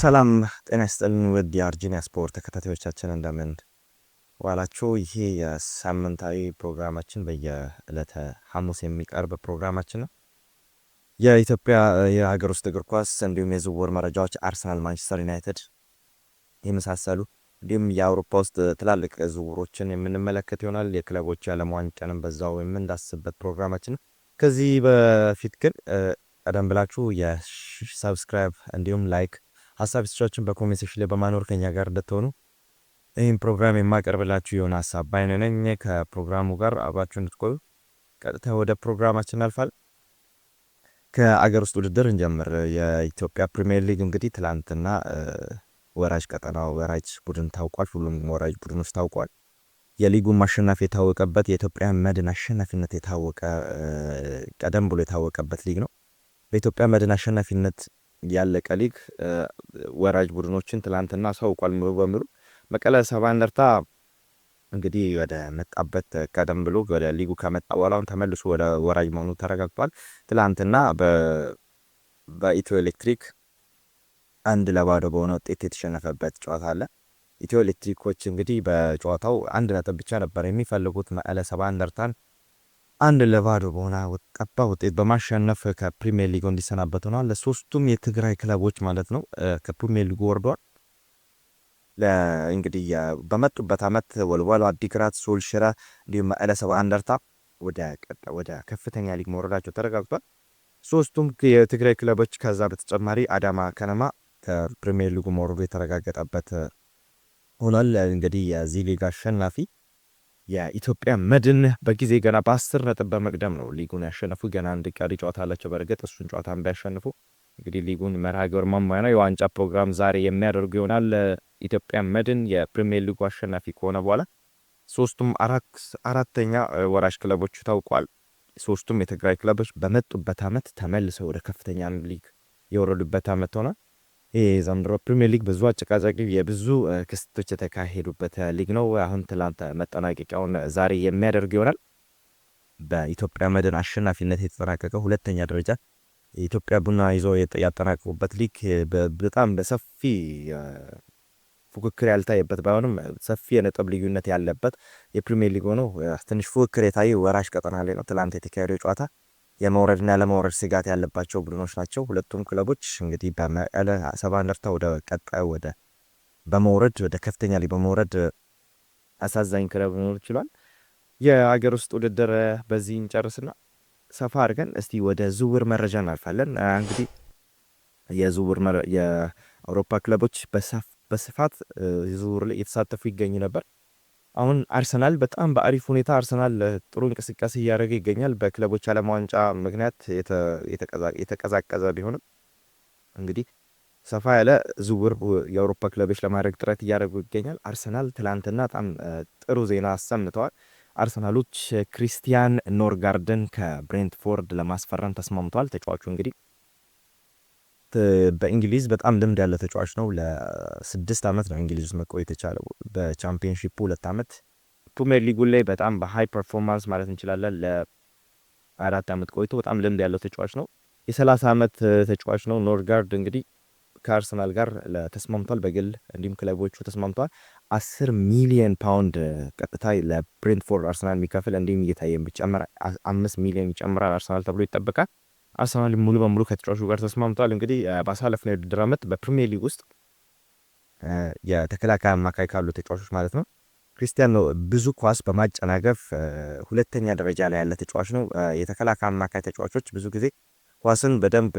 ሰላም ጤና ይስጥልን ውድ የአርጂኒያ ስፖርት ተከታታዮቻችን እንደምን ዋላችሁ። ይሄ የሳምንታዊ ፕሮግራማችን በየዕለተ ሐሙስ የሚቀርብ ፕሮግራማችን ነው። የኢትዮጵያ የሀገር ውስጥ እግር ኳስ እንዲሁም የዝውውር መረጃዎች፣ አርሰናል፣ ማንቸስተር ዩናይትድ የመሳሰሉ እንዲሁም የአውሮፓ ውስጥ ትላልቅ ዝውውሮችን የምንመለከት ይሆናል። የክለቦች የዓለም ዋንጫንም በዛው የምንዳስበት ፕሮግራማችን ነው። ከዚህ በፊት ግን ቀደም ብላችሁ የሰብስክራይብ እንዲሁም ላይክ ሀሳብ ስቻችን በኮሜንት ሴክሽን ላይ በማኖር ከኛ ጋር እንደትሆኑ ይህን ፕሮግራም የማቀርብላችሁ የሆነ ሀሳብ ባይነነኝ ከፕሮግራሙ ጋር አብራችሁ እንድትቆዩ ቀጥታ ወደ ፕሮግራማችን አልፋል። ከአገር ውስጥ ውድድር እንጀምር። የኢትዮጵያ ፕሪሚየር ሊግ እንግዲህ ትላንትና ወራጅ ቀጠና ወራጅ ቡድን ታውቋል። ሁሉም ወራጅ ውስጥ ታውቋል። የሊጉ ማሸናፊ የታወቀበት የኢትዮጵያ መድን አሸናፊነት የታወቀ ቀደም ብሎ የታወቀበት ሊግ ነው። በኢትዮጵያ መድን አሸናፊነት ያለቀ ሊግ ወራጅ ቡድኖችን ትላንትና አሳውቋል። ሙሉ በሙሉ መቀለ ሰባ እንደርታ እንግዲህ ወደ መጣበት ቀደም ብሎ ወደ ሊጉ ከመጣ በኋላውን ተመልሶ ወደ ወራጅ መሆኑ ተረጋግጧል። ትላንትና በኢትዮ ኤሌክትሪክ አንድ ለባዶ በሆነ ውጤት የተሸነፈበት ጨዋታ አለ። ኢትዮ ኤሌክትሪኮች እንግዲህ በጨዋታው አንድ ነጥብ ብቻ ነበር የሚፈልጉት መቀለ ሰባ እንደርታን አንድ ለባዶ በሆነ ቀባ ውጤት በማሸነፍ ከፕሪሚየር ሊጉ እንዲሰናበት ሆኗል። ለሶስቱም የትግራይ ክለቦች ማለት ነው ከፕሪሚየር ሊጉ ወርዷል። እንግዲህ በመጡበት ዓመት ወልዋሎ አዲግራት፣ ሶልሽራ እንዲሁም መቀለ ሰባ እንደርታ ወደ ከፍተኛ ሊግ መውረዳቸው ተረጋግጧል። ሶስቱም የትግራይ ክለቦች ከዛ በተጨማሪ አዳማ ከነማ ከፕሪሚየር ሊጉ መውረዱ የተረጋገጠበት ሆኗል። እንግዲህ የዚህ ሊግ አሸናፊ የኢትዮጵያ መድን በጊዜ ገና በአስር ነጥብ በመቅደም ነው ሊጉን ያሸነፉ። ገና አንድ ቀሪ ጨዋታ አላቸው። በእርግጥ እሱን ጨዋታን ቢያሸንፉ እንግዲህ ሊጉን መርሃ ግብር ማሟያ ነው የዋንጫ ፕሮግራም ዛሬ የሚያደርጉ ይሆናል። ኢትዮጵያ መድን የፕሪሚየር ሊጉ አሸናፊ ከሆነ በኋላ ሶስቱም አራተኛ ወራሽ ክለቦች ታውቋል። ሶስቱም የትግራይ ክለቦች በመጡበት ዓመት ተመልሰው ወደ ከፍተኛ ሊግ የወረዱበት ዓመት ሆናል። የዘንድሮ ፕሪሚየር ሊግ ብዙ አጨቃጫቂ የብዙ ክስተቶች የተካሄዱበት ሊግ ነው። አሁን ትላንት መጠናቀቂያውን ዛሬ የሚያደርግ ይሆናል። በኢትዮጵያ መድን አሸናፊነት የተጠናቀቀ ሁለተኛ ደረጃ የኢትዮጵያ ቡና ይዞ ያጠናቀቁበት ሊግ በጣም በሰፊ ፉክክር ያልታየበት ባይሆንም ሰፊ የነጥብ ልዩነት ያለበት የፕሪሚየር ሊግ ሆኖ ትንሽ ፉክክር የታየ ወራሽ ቀጠና ላይ ነው ትላንት የተካሄደው ጨዋታ የመውረድና ለመውረድ ስጋት ያለባቸው ቡድኖች ናቸው። ሁለቱም ክለቦች እንግዲህ በመቀለ ሰባ እንደርታ ወደ ቀጣዩ ወደ በመውረድ ወደ ከፍተኛ ላይ በመውረድ አሳዛኝ ክለብ ሊኖር ይችሏል። የአገር ውስጥ ውድድር በዚህ እንጨርስና ሰፋ አድርገን እስቲ ወደ ዝውውር መረጃ እናልፋለን። እንግዲህ የዝውውር የአውሮፓ ክለቦች በስፋት ዝውውር ላይ የተሳተፉ ይገኙ ነበር። አሁን አርሰናል በጣም በአሪፍ ሁኔታ አርሰናል ጥሩ እንቅስቃሴ እያደረገ ይገኛል። በክለቦች ዓለም ዋንጫ ምክንያት የተቀዛቀዘ ቢሆንም እንግዲህ ሰፋ ያለ ዝውውር የአውሮፓ ክለቦች ለማድረግ ጥረት እያደረጉ ይገኛል። አርሰናል ትላንትና በጣም ጥሩ ዜና አሰምተዋል። አርሰናሎች ክሪስቲያን ኖርጋርደን ከብሬንትፎርድ ለማስፈረም ተስማምተዋል። ተጫዋቹ እንግዲህ በእንግሊዝ በጣም ልምድ ያለ ተጫዋች ነው። ለስድስት ዓመት ነው እንግሊዝ ውስጥ መቆየት የቻለው በቻምፒየንሺፕ ሁለት ዓመት ፕሪሚየር ሊጉ ላይ በጣም በሃይ ፐርፎርማንስ ማለት እንችላለን። ለአራት ዓመት ቆይቶ በጣም ልምድ ያለው ተጫዋች ነው። የሰላሳ ዓመት ተጫዋች ነው። ኖርጋርድ እንግዲህ ከአርሰናል ጋር ተስማምቷል፣ በግል እንዲሁም ክለቦቹ ተስማምቷል። አስር ሚሊዮን ፓውንድ ቀጥታ ለብሬንትፎርድ አርሰናል የሚከፍል እንዲሁም እየታየ ጨምራ አምስት ሚሊዮን ይጨምራል አርሰናል ተብሎ ይጠበቃል። አርሰናል ሙሉ በሙሉ ከተጫዋቹ ጋር ተስማምቷል። እንግዲህ ባሳለፍነው የውድድር ዓመት በፕሪሚየር ሊግ ውስጥ የተከላካይ አማካይ ካሉ ተጫዋቾች ማለት ነው ክርስቲያኖ ብዙ ኳስ በማጨናገፍ ሁለተኛ ደረጃ ላይ ያለ ተጫዋች ነው። የተከላካይ አማካይ ተጫዋቾች ብዙ ጊዜ ኳስን በደንብ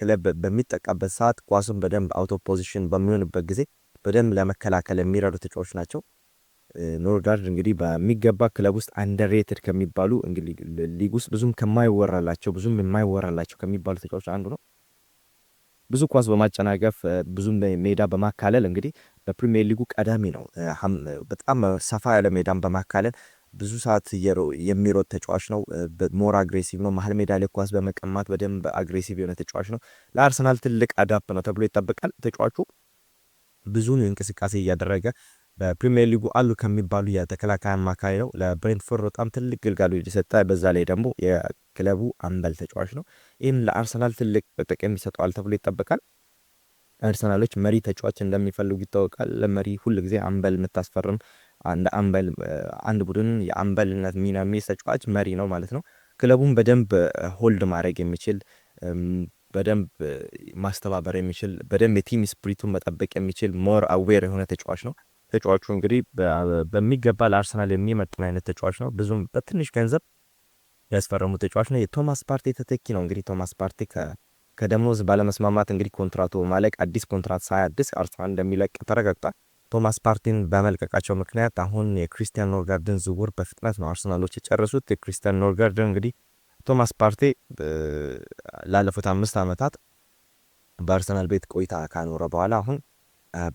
ክለብ በሚጠቃበት ሰዓት ኳስን በደንብ አውቶ ፖዚሽን በሚሆንበት ጊዜ በደንብ ለመከላከል የሚረዱ ተጫዋች ናቸው። ኖርጋርድ እንግዲህ በሚገባ ክለብ ውስጥ አንደርሬትድ ከሚባሉ እንግዲህ ሊግ ውስጥ ብዙም ከማይወራላቸው ብዙም የማይወራላቸው ከሚባሉ ተጫዋቾች አንዱ ነው። ብዙ ኳስ በማጨናገፍ ብዙም ሜዳ በማካለል እንግዲህ በፕሪሚየር ሊጉ ቀዳሚ ነው። በጣም ሰፋ ያለ ሜዳን በማካለል ብዙ ሰዓት የሚሮጥ ተጫዋች ነው። ሞር አግሬሲቭ ነው። መሀል ሜዳ ላይ ኳስ በመቀማት በደንብ አግሬሲቭ የሆነ ተጫዋች ነው። ለአርሰናል ትልቅ አዳፕ ነው ተብሎ ይጠበቃል። ተጫዋቹ ብዙ እንቅስቃሴ እያደረገ በፕሪሚየር ሊጉ አሉ ከሚባሉ የተከላካይ አማካይ ነው። ለብሬንትፎርድ በጣም ትልቅ ግልጋሎት የሰጠ በዛ ላይ ደግሞ የክለቡ አምበል ተጫዋች ነው። ይህም ለአርሰናል ትልቅ ጥቅም ይሰጠዋል ተብሎ ይጠበቃል። አርሰናሎች መሪ ተጫዋች እንደሚፈልጉ ይታወቃል። ለመሪ ጊዜ አምበል የምታስፈርም አንድ አምበል አንድ ቡድን የአምበልነት ሚና የሚይዝ ተጫዋች መሪ ነው ማለት ነው። ክለቡን በደንብ ሆልድ ማድረግ የሚችል በደንብ ማስተባበር የሚችል በደንብ የቲም ስፕሪቱን መጠበቅ የሚችል ሞር አዌር የሆነ ተጫዋች ነው። ተጫዋቹ እንግዲህ በሚገባ ለአርሰናል የሚመጥን አይነት ተጫዋች ነው። ብዙም በትንሽ ገንዘብ ያስፈረሙ ተጫዋች ነው። የቶማስ ፓርቴ ተተኪ ነው። እንግዲህ ቶማስ ፓርቴ ከደሞዝ ባለመስማማት እንግዲህ ኮንትራቱ ማለቅ አዲስ ኮንትራት ሳያድስ አርሰናል እንደሚለቅ ተረጋግጧል። ቶማስ ፓርቲን በመልቀቃቸው ምክንያት አሁን የክሪስቲያን ኖርጋርድን ዝውውር በፍጥነት ነው አርሰናሎች የጨረሱት። የክሪስቲያን ኖርጋርደን እንግዲህ ቶማስ ፓርቴ ላለፉት አምስት ዓመታት በአርሰናል ቤት ቆይታ ካኖረ በኋላ አሁን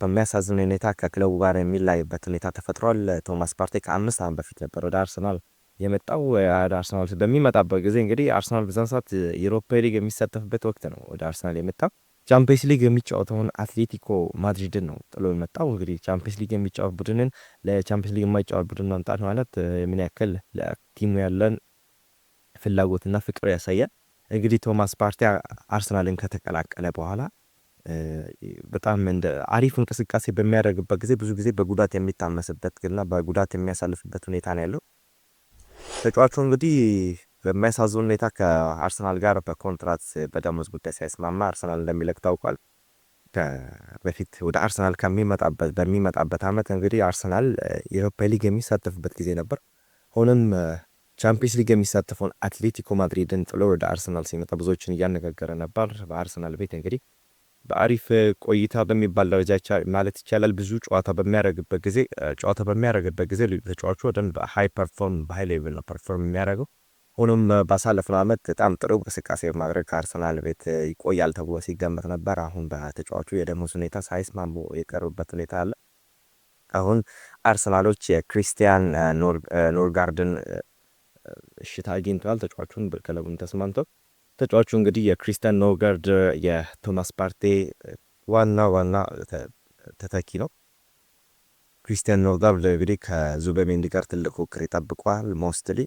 በሚያሳዝን ሁኔታ ከክለቡ ጋር የሚላይበት ሁኔታ ተፈጥሯል። ቶማስ ፓርቴ ከአምስት ዓመት በፊት ነበር ወደ አርሰናል የመጣው። ወደ አርሰናል በሚመጣበት ጊዜ እንግዲህ አርሰናል በዛን ሰዓት የኢሮፓ ሊግ የሚሳተፍበት ወቅት ነው። ወደ አርሰናል የመጣው ቻምፒየንስ ሊግ የሚጫወተውን አትሌቲኮ ማድሪድን ነው ጥሎ የመጣው። እንግዲህ ቻምፒየንስ ሊግ የሚጫወት ቡድንን ለቻምፒየንስ ሊግ የማይጫወት ቡድን ማምጣት ማለት ምን ያክል ለቲሙ ያለን ፍላጎትና ፍቅር ያሳያል። እንግዲህ ቶማስ ፓርቴ አርሰናልን ከተቀላቀለ በኋላ በጣም እንደ አሪፍ እንቅስቃሴ በሚያደርግበት ጊዜ ብዙ ጊዜ በጉዳት የሚታመስበት እና በጉዳት የሚያሳልፍበት ሁኔታ ነው ያለው። ተጫዋቹ እንግዲህ በሚያሳዝን ሁኔታ ከአርሰናል ጋር በኮንትራት በደሞዝ ጉዳይ ሳይስማማ አርሰናል እንደሚለቅ ታውቋል። በፊት ወደ አርሰናል ከሚመጣበት በሚመጣበት አመት እንግዲህ አርሰናል የኤሮፓ ሊግ የሚሳተፍበት ጊዜ ነበር። ሆኖም ቻምፒየንስ ሊግ የሚሳተፈውን አትሌቲኮ ማድሪድን ጥሎ ወደ አርሰናል ሲመጣ ብዙዎችን እያነጋገረ ነበር። በአርሰናል ቤት እንግዲህ በአሪፍ ቆይታ በሚባል ደረጃ ማለት ይቻላል። ብዙ ጨዋታ በሚያደርግበት ጊዜ ጨዋታ በሚያደርግበት ጊዜ ተጫዋቹ በደንብ ሃይ ፐርፎርም በሃይ ሌቭል ነው ፐርፎርም የሚያደርገው። ሆኖም ባሳለፍነው ዓመት በጣም ጥሩ እንቅስቃሴ በማድረግ ከአርሰናል ቤት ይቆያል ተብሎ ሲገመት ነበር። አሁን በተጫዋቹ የደሞዝ ሁኔታ ሳይስማሙ የቀሩበት ሁኔታ አለ። አሁን አርሰናሎች የክሪስቲያን ኖርጋርድን እሽታ አግኝተዋል። ተጫዋቹን ክለቡን ተስማምተው ተጫዋቹ እንግዲህ የክሪስቲያን ኖጋርድ የቶማስ ፓርቴ ዋና ዋና ተተኪ ነው። ክሪስቲያን ኖርዳብል እንግዲህ ከዙበሜንዲ ጋር ትልቅ ፉክክር ይጠብቋል። ሞስትሊ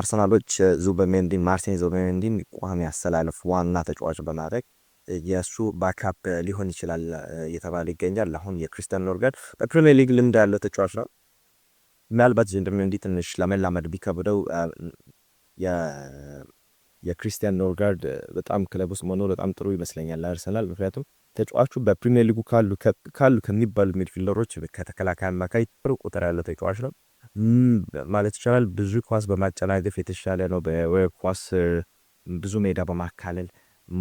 አርሰናሎች ዙበሜንዲ ማርቲን ዙበሜንዲን ቋሚ አሰላለፍ ዋና ተጫዋች በማድረግ የእሱ ባካፕ ሊሆን ይችላል እየተባለ ይገኛል። አሁን የክሪስቲያን ኖርጋርድ በፕሪሚየር ሊግ ልምድ ያለው ተጫዋች ነው። ምናልባት እንዲህ ትንሽ ለመላመድ ቢከብደው የክሪስቲያን ኖርጋርድ በጣም ክለብ ውስጥ መኖር በጣም ጥሩ ይመስለኛል ለአርሰናል። ምክንያቱም ተጫዋቹ በፕሪሚየር ሊጉ ካሉ ከሚባሉ ሚድፊልደሮች ከተከላካይ፣ አማካይ ጥሩ ቁጥር ያለው ተጫዋች ነው ማለት ይቻላል። ብዙ ኳስ በማጨናገፍ የተሻለ ነው። ኳስ ብዙ ሜዳ በማካለል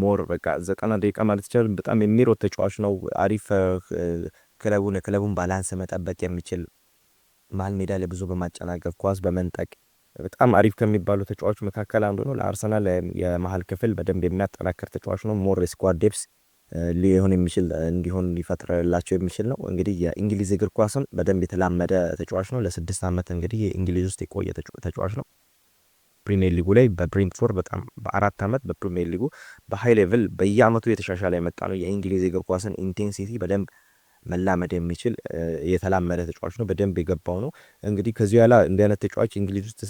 ሞር በቃ ዘጠና ደቂቃ ማለት ይቻላል በጣም የሚሮጥ ተጫዋች ነው። አሪፍ ክለቡን የክለቡን ባላንስ መጠበቅ የሚችል መሀል ሜዳ ላይ ብዙ በማጨናገፍ ኳስ በመንጠቅ በጣም አሪፍ ከሚባሉ ተጫዋች መካከል አንዱ ነው። ለአርሰናል የመሀል ክፍል በደንብ የሚያጠናክር ተጫዋች ነው። ሞር ስኳድ ዴፕስ ሊሆን የሚችል እንዲሆን ሊፈጥርላቸው የሚችል ነው። እንግዲህ የእንግሊዝ እግር ኳስን በደንብ የተላመደ ተጫዋች ነው። ለስድስት ዓመት እንግዲህ የእንግሊዝ ውስጥ የቆየ ተጫዋች ነው። ፕሪሚየር ሊጉ ላይ በብሬንትፎርድ በጣም በአራት ዓመት በፕሪሚየር ሊጉ በሃይ ሌቭል በየዓመቱ የተሻሻለ የመጣ ነው። የእንግሊዝ እግር ኳስን ኢንቴንሲቲ በደንብ መላመድ የሚችል የተላመደ ተጫዋች ነው። በደንብ የገባው ነው። እንግዲህ ከዚህ በኋላ እንዲህ አይነት ተጫዋች እንግሊዝ ውስጥ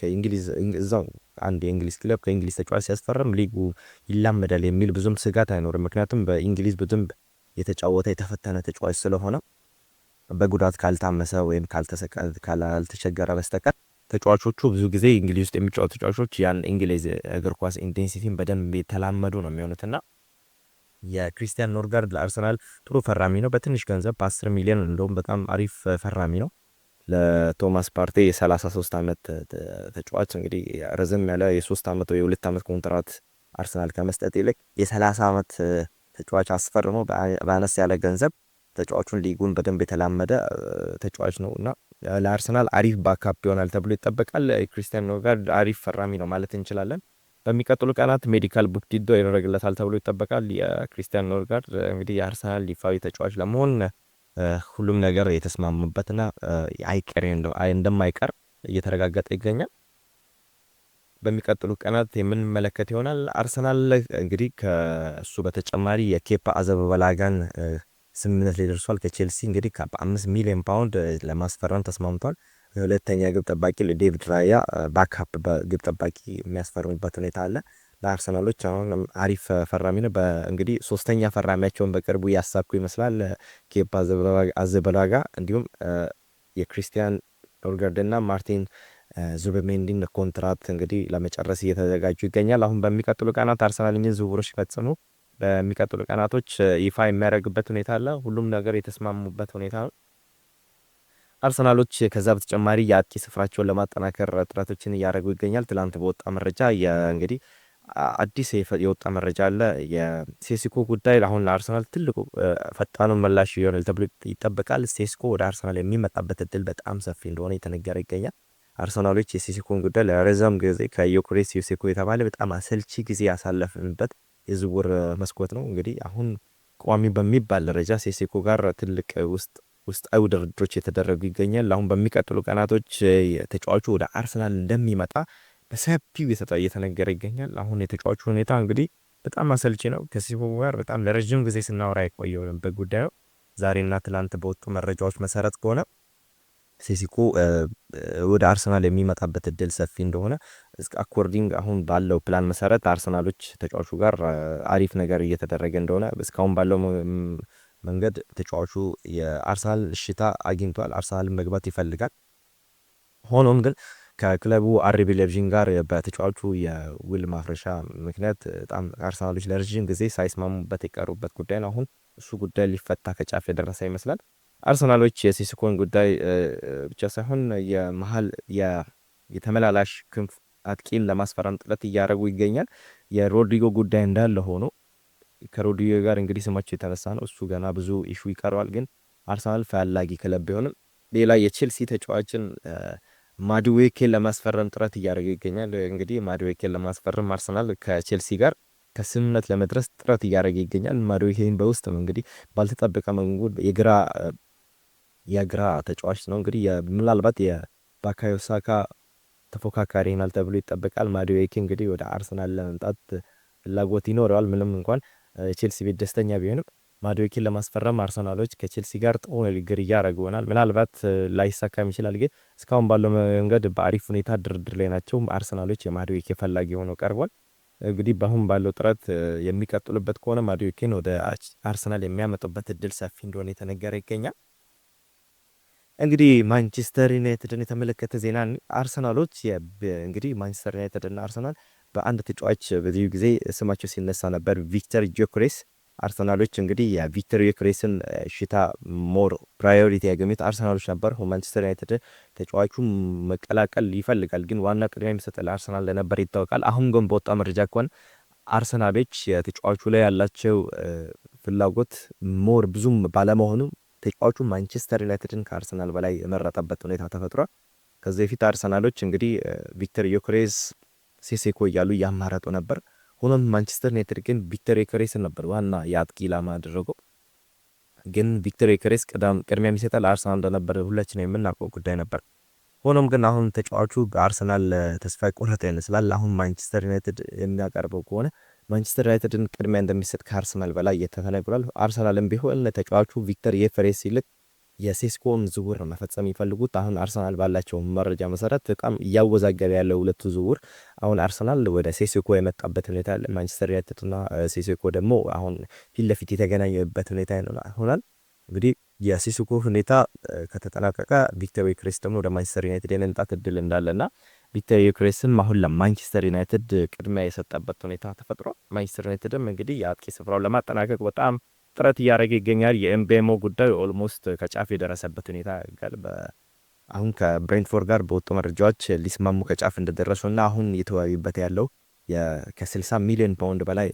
ከእንግሊዝ እዛው አንድ የእንግሊዝ ክለብ ከእንግሊዝ ተጫዋች ሲያስፈርም ሊጉ ይላመዳል የሚል ብዙም ስጋት አይኖርም። ምክንያቱም በእንግሊዝ በደንብ የተጫወተ የተፈተነ ተጫዋች ስለሆነ በጉዳት ካልታመሰ ወይም ካልተቸገረ በስተቀር ተጫዋቾቹ ብዙ ጊዜ እንግሊዝ ውስጥ የሚጫወቱ ተጫዋቾች ያን እንግሊዝ እግር ኳስ ኢንቴንሲቲን በደንብ የተላመዱ ነው የሚሆኑትና የክሪስቲያን ኖርጋርድ ለአርሰናል ጥሩ ፈራሚ ነው። በትንሽ ገንዘብ በ10 ሚሊዮን እንደውም በጣም አሪፍ ፈራሚ ነው። ለቶማስ ፓርቴ የ33 ዓመት ተጫዋች እንግዲህ ረዘም ያለ የ3 ዓመት ወይ የ2 ዓመት ኮንትራት አርሰናል ከመስጠት ይልቅ የ30 ዓመት ተጫዋች አስፈርሞ በአነስ ያለ ገንዘብ ተጫዋቹን ሊጉን በደንብ የተላመደ ተጫዋች ነው እና ለአርሰናል አሪፍ ባካፕ ይሆናል ተብሎ ይጠበቃል። ክሪስቲያን ኖርጋርድ አሪፍ ፈራሚ ነው ማለት እንችላለን። በሚቀጥሉ ቀናት ሜዲካል ቡክ ዲዶ ይደረግለታል ተብሎ ይጠበቃል። የክሪስቲያን ኖርጋርድ እንግዲህ የአርሰናል ይፋዊ ተጫዋች ለመሆን ሁሉም ነገር የተስማሙበትና አይቀሬ እንደማይቀር እየተረጋገጠ ይገኛል። በሚቀጥሉ ቀናት የምንመለከት ይሆናል። አርሰናል እንግዲህ ከእሱ በተጨማሪ የኬፓ አዘበበላጋን ስምምነት ላይ ደርሷል። ከቼልሲ እንግዲህ በአምስት ሚሊዮን ፓውንድ ለማስፈረም ተስማምቷል። የሁለተኛ ግብ ጠባቂ ዴቪድ ራያ ባክፕ በግብ ጠባቂ የሚያስፈርሙበት ሁኔታ አለ። ለአርሰናሎች አሁን አሪፍ ፈራሚ ነው። እንግዲህ ሶስተኛ ፈራሚያቸውን በቅርቡ እያሳብኩ ይመስላል። ኬፓ አዘበላጋ እንዲሁም የክሪስቲያን ኖርጋርድና ማርቲን ዙበሜንዲን ኮንትራት እንግዲህ ለመጨረስ እየተዘጋጁ ይገኛል። አሁን በሚቀጥሉ ቀናት አርሰናል እኝን ዝውውሮች ፈጽሞ በሚቀጥሉ ቀናቶች ይፋ የሚያደርግበት ሁኔታ አለ። ሁሉም ነገር የተስማሙበት ሁኔታ ነው። አርሰናሎች ከዛ በተጨማሪ የአጥቂ ስፍራቸውን ለማጠናከር ጥረቶችን እያደረጉ ይገኛል። ትላንት በወጣ መረጃ እንግዲህ አዲስ የወጣ መረጃ አለ። የሴስኮ ጉዳይ አሁን ለአርሰናል ትልቁ ፈጣኑን መላሽ ይሆናል ተብሎ ይጠበቃል። ሴስኮ ወደ አርሰናል የሚመጣበት እድል በጣም ሰፊ እንደሆነ የተነገረ ይገኛል። አርሰናሎች የሴስኮን ጉዳይ ለረዘም ጊዜ ከዮክሬስ ሴስኮ የተባለ በጣም አሰልቺ ጊዜ ያሳለፍንበት የዝውውር መስኮት ነው። እንግዲህ አሁን ቋሚ በሚባል ደረጃ ሴስኮ ጋር ትልቅ ውስጥ ውስጣዊ ድርድሮች የተደረጉ ይገኛል። አሁን በሚቀጥሉ ቀናቶች ተጫዋቹ ወደ አርሰናል እንደሚመጣ በሰፊው እየተነገረ ይገኛል። አሁን የተጫዋቹ ሁኔታ እንግዲህ በጣም አሰልቺ ነው። ከሲቦ ጋር በጣም ለረዥም ጊዜ ስናወራ የቆየው ነበር ጉዳዩ። ዛሬና ትላንት በወጡ መረጃዎች መሰረት ከሆነ ሴሲኮ ወደ አርሰናል የሚመጣበት እድል ሰፊ እንደሆነ አኮርዲንግ አሁን ባለው ፕላን መሰረት አርሰናሎች ተጫዋቹ ጋር አሪፍ ነገር እየተደረገ እንደሆነ እስካሁን ባለው መንገድ ተጫዋቹ የአርሰናል እሽታ አግኝቷል። አርሰናልን መግባት ይፈልጋል። ሆኖም ግን ከክለቡ አርቢ ሌብዥን ጋር በተጫዋቹ የውል ማፍረሻ ምክንያት በጣም አርሰናሎች ለረዥም ጊዜ ሳይስማሙበት የቀሩበት ጉዳይ ነው። አሁን እሱ ጉዳይ ሊፈታ ከጫፍ የደረሰ ይመስላል። አርሰናሎች የሲስኮን ጉዳይ ብቻ ሳይሆን የመሀል የተመላላሽ ክንፍ አጥቂን ለማስፈራም ጥረት እያደረጉ ይገኛል። የሮድሪጎ ጉዳይ እንዳለ ሆኖ ከሮድሪጎ ጋር እንግዲህ ስማቸው የተነሳ ነው። እሱ ገና ብዙ ኢሹ ይቀረዋል። ግን አርሰናል ፈላጊ ክለብ ቢሆንም ሌላ የቼልሲ ተጫዋችን ማድዌኬን ለማስፈረም ጥረት እያደረገ ይገኛል። እንግዲህ ማድዌኬን ለማስፈረም አርሰናል ከቼልሲ ጋር ከስምምነት ለመድረስ ጥረት እያደረገ ይገኛል። ማድዌኬን በውስጥ እንግዲህ ባልተጠበቀ መንገድ የግራ የግራ ተጫዋች ነው። እንግዲህ ምናልባት የባካዮ ሳካ ተፎካካሪ ይሆናል ተብሎ ይጠበቃል። ማድዌኬ እንግዲህ ወደ አርሰናል ለመምጣት ፍላጎት ይኖረዋል ምንም እንኳን ቼልሲ ቤት ደስተኛ ቢሆንም ማድዌኪን ለማስፈረም አርሰናሎች ከቼልሲ ጋር ጥሩ ንግግር እያደረጉ ይሆናል። ምናልባት ላይሳካም ይችላል፣ ግን እስካሁን ባለው መንገድ በአሪፍ ሁኔታ ድርድር ላይ ናቸው። አርሰናሎች የማድዌኬ ፈላጊ ሆነው ቀርቧል። እንግዲህ በአሁን ባለው ጥረት የሚቀጥሉበት ከሆነ ማድዌኬን ወደ አርሰናል የሚያመጡበት እድል ሰፊ እንደሆነ የተነገረ ይገኛል። እንግዲህ ማንቸስተር ዩናይትድን የተመለከተ ዜና አርሰናሎች እንግዲህ ማንቸስተር ዩናይትድና አርሰናል በአንድ ተጫዋች በዚሁ ጊዜ ስማቸው ሲነሳ ነበር፣ ቪክተር ዮክሬስ። አርሰናሎች እንግዲህ የቪክተር ዮክሬስን ሽታ ሞር ፕራዮሪቲ ያገኙት አርሰናሎች ነበር። ማንቸስተር ዩናይትድ ተጫዋቹ መቀላቀል ይፈልጋል፣ ግን ዋና ቅድሚያ የሚሰጥ ለአርሰናል ለነበር ይታወቃል። አሁን ግን በወጣ መረጃ ከሆን አርሰናሎች የተጫዋቹ ላይ ያላቸው ፍላጎት ሞር ብዙም ባለመሆኑ ተጫዋቹ ማንቸስተር ዩናይትድን ከአርሰናል በላይ የመረጠበት ሁኔታ ተፈጥሯል። ከዚህ በፊት አርሰናሎች እንግዲህ ቪክተር ዮክሬስ ሴሴኮ እያሉ እያማረጡ ነበር። ሆኖም ማንቸስተር ዩናይትድ ግን ቪክተር ዮከሬስ ነበር ዋና የአጥቂ ኢላማ ያደረገው። ግን ቪክተር ዮከሬስ ቅድሚያ የሚሰጠው ለአርሰናል እንደነበር ሁላችን የምናውቀው ጉዳይ ነበር። ሆኖም ግን አሁን ተጫዋቹ አርሰናል ተስፋ ቆረጠ ይመስላል። አሁን ማንቸስተር ዩናይትድ የሚያቀርበው ከሆነ ማንቸስተር ዩናይትድን ቅድሚያ እንደሚሰጥ ከአርሰናል በላይ እየተተነበላል። አርሰናልም ቢሆን ለተጫዋቹ ቪክተር ዮከሬስ ይልቅ የሴስኮን ዝውውር መፈጸም የሚፈልጉት። አሁን አርሰናል ባላቸው መረጃ መሰረት በጣም እያወዛገበ ያለው ሁለቱ ዝውውር አሁን አርሰናል ወደ ሴሴኮ የመጣበት ሁኔታ ያለ ማንቸስተር ዩናይትድና ሴሴኮ ደግሞ አሁን ፊት ለፊት የተገናኘበት ሁኔታ ይሆናል። እንግዲህ የሴሴኮ ሁኔታ ከተጠናቀቀ ቪክተር ዮኬሬስ ደግሞ ወደ ማንቸስተር ዩናይትድ የመምጣት እድል እንዳለና ቪክተር ዮኬሬስም አሁን ለማንቸስተር ዩናይትድ ቅድሚያ የሰጠበት ሁኔታ ተፈጥሯል። ማንቸስተር ዩናይትድም እንግዲህ የአጥቂ ስፍራው ለማጠናቀቅ በጣም ጥረት እያደረገ ይገኛል። የኤምቤሞ ጉዳይ ኦልሞስት ከጫፍ የደረሰበት ሁኔታ ያጋል አሁን ከብሬንትፎርድ ጋር በወጡ መረጃዎች ሊስማሙ ከጫፍ እንደደረሱ እና አሁን እየተወያዩበት ያለው ከ60 ሚሊዮን ፓውንድ በላይ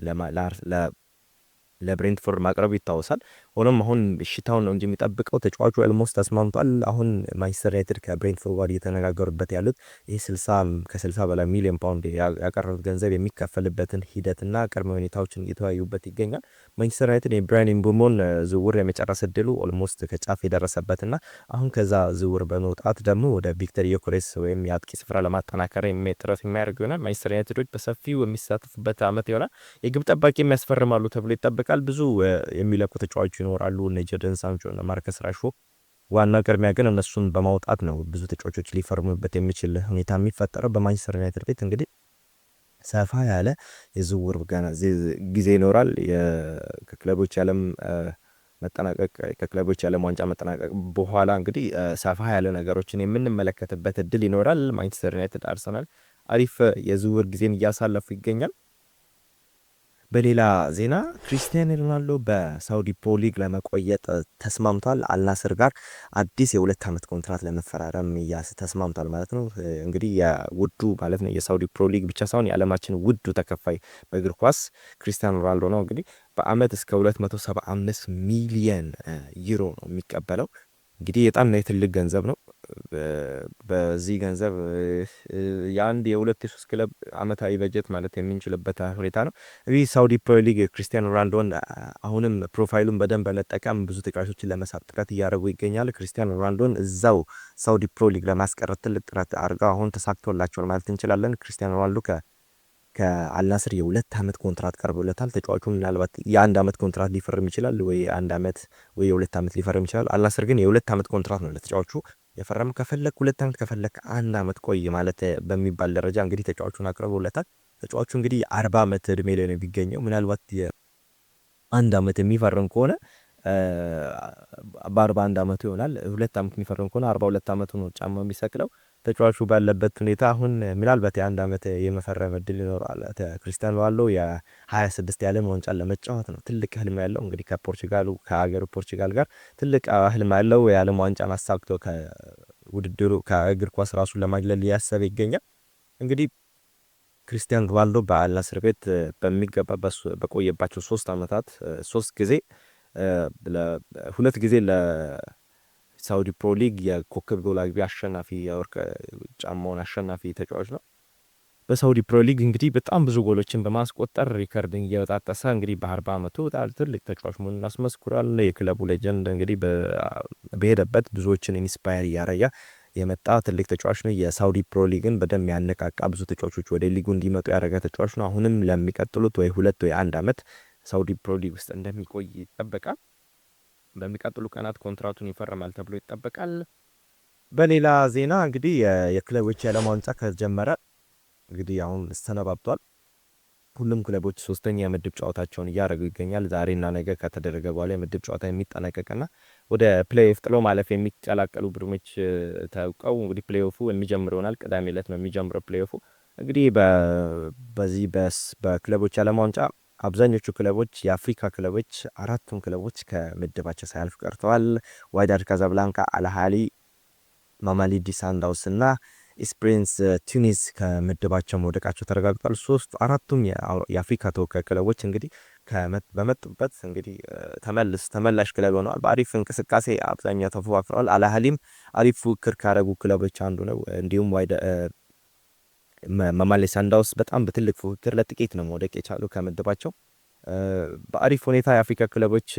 ለብሬንትፎርድ ማቅረቡ ይታወሳል። ሆኖም አሁን ሽታውን ነው እንጂ የሚጠብቀው ተጫዋቹ ኤልሞስ ተስማምቷል። አሁን ማንቸስተር ዩናይትድ ከብሬንትፎርድ ጋር እየተነጋገሩበት ያሉት ይህ ስልሳ ከስልሳ በላይ ሚሊዮን ፓውንድ ያቀረቡት ገንዘብ የሚከፈልበትን ሂደትና ቅድመ ሁኔታዎችን እየተወያዩበት ይገኛል። ማንቸስተር ዩናይትድ የብራያን ምቡሞን ዝውውር የመጨረስ እድሉ ኦልሞስት ከጫፍ የደረሰበትና አሁን ከዛ ዝውውር በመውጣት ደግሞ ወደ ቪክተር ዮኬሬስ ወይም የአጥቂ ስፍራ ለማጠናከር ጥረት የሚያደርግ ይሆናል። ማንቸስተር ዩናይትዶች በሰፊው የሚሳተፉበት አመት ይሆናል። የግብ ጠባቂ የሚያስፈርማሉ ተብሎ ይጠበቃል። ብዙ የሚለቁ ተጫዋቹ ይኖራሉ። እነ ጀደን ሳንቾ እና ማርከስ ራሽፎርድ ዋና ቅድሚያ ግን እነሱን በማውጣት ነው ብዙ ተጫዋቾች ሊፈርሙበት የሚችል ሁኔታ የሚፈጠረው። በማንቸስተር ዩናይትድ ቤት እንግዲህ ሰፋ ያለ የዝውውር ገና ጊዜ ይኖራል። ከክለቦች ዓለም መጠናቀቅ ከክለቦች ዓለም ዋንጫ መጠናቀቅ በኋላ እንግዲህ ሰፋ ያለ ነገሮችን የምንመለከትበት እድል ይኖራል። ማንቸስተር ዩናይትድ፣ አርሰናል አሪፍ የዝውውር ጊዜን እያሳለፉ ይገኛል። በሌላ ዜና ክሪስቲያን ሮናልዶ በሳውዲ ፕሮ ሊግ ለመቆየት ተስማምቷል። አልናስር ጋር አዲስ የሁለት ዓመት ኮንትራት ለመፈራረም እያስ ተስማምቷል ማለት ነው። እንግዲህ የውዱ ማለት ነው የሳውዲ ፕሮ ሊግ ብቻ ሳይሆን የዓለማችን ውዱ ተከፋይ በእግር ኳስ ክሪስቲያን ሮናልዶ ነው። እንግዲህ በአመት እስከ 275 ሚሊየን ዩሮ ነው የሚቀበለው። እንግዲህ የጣም ትልቅ ገንዘብ ነው። በዚህ ገንዘብ የአንድ የሁለት የሶስት ክለብ አመታዊ በጀት ማለት የምንችልበት ሁኔታ ነው። ይህ ሳውዲ ፕሪሚየር ሊግ ክርስቲያኖ ሮናልዶን አሁንም ፕሮፋይሉን በደንብ በመጠቀም ብዙ ተጫዋቾችን ለመሳብ ጥረት እያደረጉ ይገኛሉ። ክርስቲያን ሮናልዶን እዛው ሳውዲ ፕሪሚየር ሊግ ለማስቀረት ትልቅ ጥረት አድርገው አሁን ተሳክቶላቸዋል ማለት እንችላለን። ክርስቲያን ሮናልዶ ከአልናስር የሁለት ዓመት ኮንትራት ቀርብለታል። ተጫዋቹ ምናልባት የአንድ ዓመት ኮንትራት ሊፈርም ይችላል ወይ አንድ ዓመት ወይ የሁለት ዓመት ሊፈርም ይችላል። አልናስር ግን የሁለት ዓመት ኮንትራት ነው ለተጫዋቹ የፈረም ከፈለክ ሁለት አመት ከፈለክ አንድ አመት ቆይ ማለት በሚባል ደረጃ እንግዲህ ተጫዋቹን አቅርበውለታል። ተጫዋቹ እንግዲህ የአርባ አመት እድሜ ላይ ነው የሚገኘው። ምናልባት አንድ አመት የሚፈርም ከሆነ በአርባ አንድ አመቱ ይሆናል። ሁለት አመት የሚፈርም ከሆነ አርባ ሁለት አመቱ ነው ጫማ የሚሰቅለው። ተጫዋቹ ባለበት ሁኔታ አሁን ምናልባት የአንድ ዓመት የመፈረም እድል ይኖረዋል። ክርስቲያን ባለው የ26 የዓለም ዋንጫን ለመጫወት ነው ትልቅ ህልም ያለው እንግዲህ ከፖርቹጋሉ ከሀገሩ ፖርቹጋል ጋር ትልቅ ህልም ያለው የዓለም ዋንጫ አሳክቶ ከውድድሩ ከእግር ኳስ ራሱን ለማግለል እያሰበ ይገኛል። እንግዲህ ክርስቲያን ሮናልዶ በአል ናስር ቤት በሚገባ በቆየባቸው ሶስት ዓመታት ሶስት ጊዜ ሁለት ጊዜ ሳውዲ ፕሮ ሊግ የኮከብ ጎል አግቢ አሸናፊ የወርቅ ጫማውን አሸናፊ ተጫዋች ነው። በሳውዲ ፕሮ ሊግ እንግዲህ በጣም ብዙ ጎሎችን በማስቆጠር ሪከርድን እየበጣጠሰ እንግዲህ በአርባ ዓመቱ በጣም ትልቅ ተጫዋች መሆኑን አስመስክሯል። የክለቡ ሌጀንድ እንግዲህ በሄደበት ብዙዎችን ኢንስፓየር እያረያ የመጣ ትልቅ ተጫዋች ነው። የሳውዲ ፕሮ ሊግን በደንብ ያነቃቃ፣ ብዙ ተጫዋቾች ወደ ሊጉ እንዲመጡ ያደረገ ተጫዋች ነው። አሁንም ለሚቀጥሉት ወይ ሁለት ወይ አንድ ዓመት ሳውዲ ፕሮ ሊግ ውስጥ እንደሚቆይ ይጠበቃል። በሚቀጥሉ ቀናት ኮንትራቱን ይፈርማል ተብሎ ይጠበቃል። በሌላ ዜና እንግዲህ የክለቦች የዓለም ዋንጫ ከጀመረ እንግዲህ አሁን እሰነባብቷል። ሁሉም ክለቦች ሶስተኛ የምድብ ጨዋታቸውን እያደረጉ ይገኛል። ዛሬና ነገ ከተደረገ በኋላ የምድብ ጨዋታ የሚጠናቀቅና ወደ ፕሌይኦፍ ጥሎ ማለፍ የሚቀላቀሉ ቡድኖች ታውቀው እንግዲህ ፕሌይኦፉ የሚጀምር ይሆናል። ቅዳሜ ዕለት ነው የሚጀምረው ፕሌይኦፉ እንግዲህ በዚህ በክለቦች ዓለም ዋንጫ አብዛኞቹ ክለቦች የአፍሪካ ክለቦች አራቱም ክለቦች ከምድባቸው ሳያልፍ ቀርተዋል። ዋይዳድ ካዛብላንካ፣ አልሃሊ፣ ማማሊዲ ሳንዳውስ እና ስፕሪንስ ቱኒስ ከምድባቸው መውደቃቸው ተረጋግጧል። ሶስቱ አራቱም የአፍሪካ ተወካይ ክለቦች እንግዲህ በመጡበት እንግዲህ ተመልስ ተመላሽ ክለብ ሆነዋል። በአሪፍ እንቅስቃሴ አብዛኛው ተፎካክረዋል። አልሃሊም አሪፍ ፉክክር ካረጉ ክለቦች አንዱ ነው። እንዲሁም መማሌ ሳንዳውንስ በጣም በትልቅ ፉክክር ለጥቂት ነው መውደቅ የቻሉ ከምድባቸው። በአሪፍ ሁኔታ የአፍሪካ ክለቦች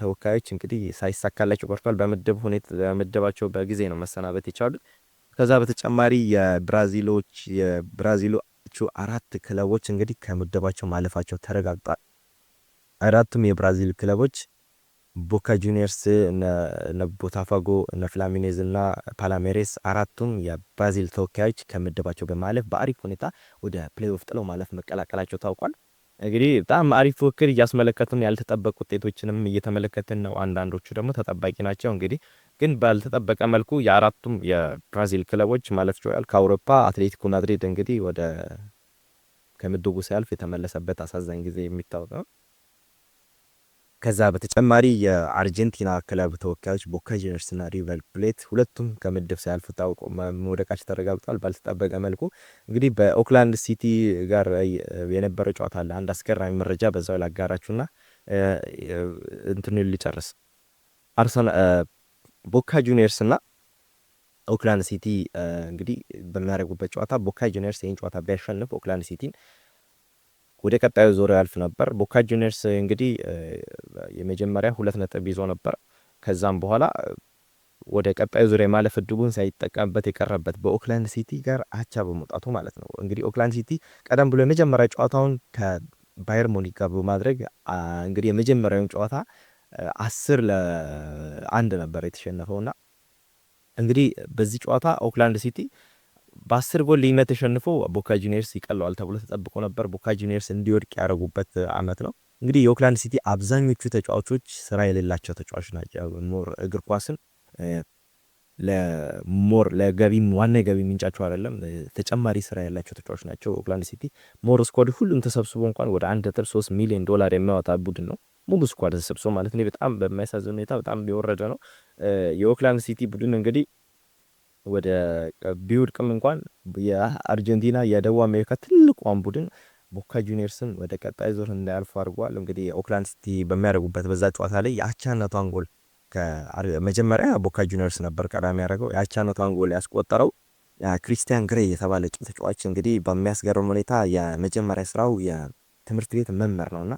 ተወካዮች እንግዲህ ሳይሳካላቸው ቆርተል በምድብ በምድባቸው በጊዜ ነው መሰናበት የቻሉት። ከዛ በተጨማሪ የብራዚሎች የብራዚሎቹ አራት ክለቦች እንግዲህ ከምድባቸው ማለፋቸው ተረጋግጧል። አራቱም የብራዚል ክለቦች ቦካ ጁኒየርስ፣ ቦታፋጎ፣ ፍላሚኔዝ እና ፓላሜሬስ አራቱም የብራዚል ተወካዮች ከምድባቸው በማለፍ በአሪፍ ሁኔታ ወደ ፕሌይኦፍ ጥለው ማለፍ መቀላቀላቸው ታውቋል። እንግዲህ በጣም አሪፍ ፉክክር እያስመለከትን ያልተጠበቁ ውጤቶችንም እየተመለከትን ነው። አንዳንዶቹ ደግሞ ተጠባቂ ናቸው። እንግዲህ ግን ባልተጠበቀ መልኩ የአራቱም የብራዚል ክለቦች ማለፍ ችሏል። ከአውሮፓ አትሌቲኮ ማድሪድ እንግዲህ ወደ ከምድቡ ሲያልፍ የተመለሰበት አሳዛኝ ጊዜ የሚታወቅ ነው። ከዛ በተጨማሪ የአርጀንቲና ክለብ ተወካዮች ቦካ ጁኒየርስ እና ሪቨር ፕሌት ሁለቱም ከምድብ ሳያልፉ ታውቆ መውደቃቸው ተረጋግጧል። ባልተጠበቀ መልኩ እንግዲህ በኦክላንድ ሲቲ ጋር የነበረው ጨዋታ አለ። አንድ አስገራሚ መረጃ በዛው ላጋራችሁና እንትን ሊጨርስ ቦካ ጁኒየርስ እና ኦክላንድ ሲቲ እንግዲህ በሚያደርጉበት ጨዋታ ቦካ ጁኒየርስ ይህን ጨዋታ ቢያሸንፍ ኦክላንድ ሲቲን ወደ ቀጣዩ ዙር ያልፍ ነበር። ቦካ ጁኒየርስ እንግዲህ የመጀመሪያ ሁለት ነጥብ ይዞ ነበር። ከዛም በኋላ ወደ ቀጣዩ ዙሪያ የማለፍ እድቡን ሳይጠቀምበት የቀረበት በኦክላንድ ሲቲ ጋር አቻ በመውጣቱ ማለት ነው። እንግዲህ ኦክላንድ ሲቲ ቀደም ብሎ የመጀመሪያ ጨዋታውን ከባየር ሙኒክ ጋር በማድረግ እንግዲህ የመጀመሪያውን ጨዋታ አስር ለአንድ ነበር የተሸነፈውና እንግዲህ በዚህ ጨዋታ ኦክላንድ ሲቲ በአስር ጎል ልዩነት ተሸንፎ ቦካ ጁኒየርስ ይቀለዋል ተብሎ ተጠብቆ ነበር። ቦካ ጁኒየርስ እንዲወድቅ ያደረጉበት አመት ነው። እንግዲህ የኦክላንድ ሲቲ አብዛኞቹ ተጫዋቾች ስራ የሌላቸው ተጫዋች ናቸው። ሞር እግር ኳስን ለሞር ለገቢ ዋና የገቢ ምንጫቸው አይደለም፣ ተጨማሪ ስራ ያላቸው ተጫዋች ናቸው። ኦክላንድ ሲቲ ሞር ስኳድ ሁሉም ተሰብስቦ እንኳን ወደ አንድ ነጥብ ሶስት ሚሊዮን ዶላር የሚያወጣ ቡድን ነው። ሙሉ ስኳድ ተሰብስቦ ማለት በጣም በማያሳዝን ሁኔታ በጣም የወረደ ነው የኦክላንድ ሲቲ ቡድን እንግዲህ ወደ ቢውድቅም እንኳን የአርጀንቲና የደቡብ አሜሪካ ትልቋን ቡድን ቦካ ጁኒየርስን ወደ ቀጣይ ዙር እንዳያልፉ አድርጓል። እንግዲህ ኦክላንድ ሲቲ በሚያደርጉበት በዛ ጨዋታ ላይ የአቻነቷን ጎል መጀመሪያ ቦካ ጁኒየርስ ነበር ቀዳሚ ያደረገው። የአቻነቷን ጎል ያስቆጠረው ክሪስቲያን ግሬ የተባለ ተጫዋች እንግዲህ በሚያስገርም ሁኔታ የመጀመሪያ ስራው የትምህርት ቤት መምህር ነውና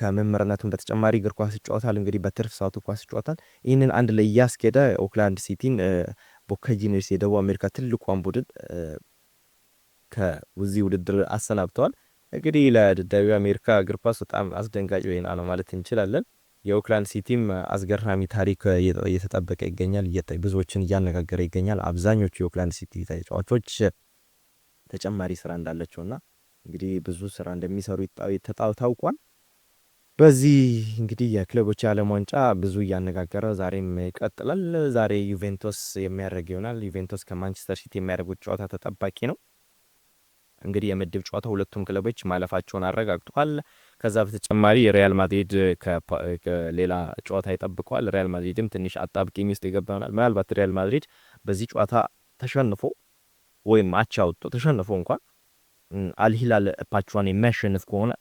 ከመምህርነቱም በተጨማሪ እግር ኳስ ይጫወታል። እንግዲህ በትርፍ ሰዓቱ ኳስ ይጫወታል። ይህንን አንድ ላይ እያስኬደ ኦክላንድ ሲቲን ቦካ የደቡብ አሜሪካ ትልቋን ቡድን ከዚህ ውድድር አሰናብተዋል። እንግዲህ ለደቡብ አሜሪካ እግር ኳስ በጣም አስደንጋጭ ዜና ነው ማለት እንችላለን። የኦክላንድ ሲቲም አስገራሚ ታሪክ እየተጠበቀ ይገኛል፣ ብዙዎችን እያነጋገረ ይገኛል። አብዛኞቹ የኦክላንድ ሲቲ ተጫዋቾች ተጨማሪ ስራ እንዳለቸውና እንግዲህ ብዙ ስራ እንደሚሰሩ ታውቋል። በዚህ እንግዲህ የክለቦች የዓለም ዋንጫ ብዙ እያነጋገረ ዛሬም ይቀጥላል። ዛሬ ዩቬንቶስ የሚያደርግ ይሆናል። ዩቬንቶስ ከማንቸስተር ሲቲ የሚያደርጉት ጨዋታ ተጠባቂ ነው። እንግዲህ የምድብ ጨዋታ ሁለቱም ክለቦች ማለፋቸውን አረጋግጠዋል። ከዛ በተጨማሪ ሪያል ማድሪድ ሌላ ጨዋታ ይጠብቀዋል። ሪያል ማድሪድም ትንሽ አጣብቂኝ ውስጥ የገባ ይሆናል። ምናልባት ሪያል ማድሪድ በዚህ ጨዋታ ተሸንፎ ወይም አቻ ወጥቶ ተሸንፎ እንኳን አልሂላል ፓቿን የሚያሸንፍ ከሆነ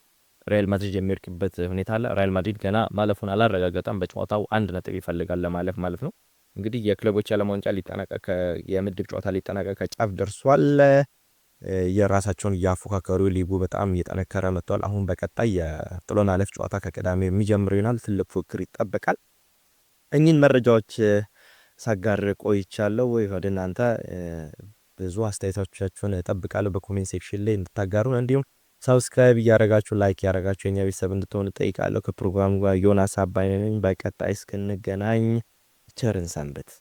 ሪያል ማድሪድ የሚወድቅበት ሁኔታ አለ። ሪያል ማድሪድ ገና ማለፉን አላረጋገጠም። በጨዋታው አንድ ነጥብ ይፈልጋል ለማለፍ ማለት ነው። እንግዲህ የክለቦች የዓለም ዋንጫ ሊጠናቀቅ የምድብ ጨዋታ ሊጠናቀቅ ከጫፍ ደርሷል። የራሳቸውን እያፎካከሩ ሊጉ በጣም እየጠነከረ መጥቷል። አሁን በቀጣይ የጥሎ ማለፍ ጨዋታ ከቅዳሜ የሚጀምር ይሆናል። ትልቅ ፉክክር ይጠበቃል። እኚህን መረጃዎች ሳጋር ቆይቻለሁ ወይ ወደ እናንተ ብዙ አስተያየቶቻችሁን እጠብቃለሁ። በኮሜንት ሴክሽን ላይ እንድታጋሩን እንዲሁም ሳብስክራይብ እያደረጋችሁ ላይክ እያደረጋችሁ የኛ ቤተሰብ እንድትሆን ጠይቃለሁ። ከፕሮግራሙ ጋር ዮናስ አባይ ነኝ። በቀጣይ እስክንገናኝ ቸርን ሰንብት።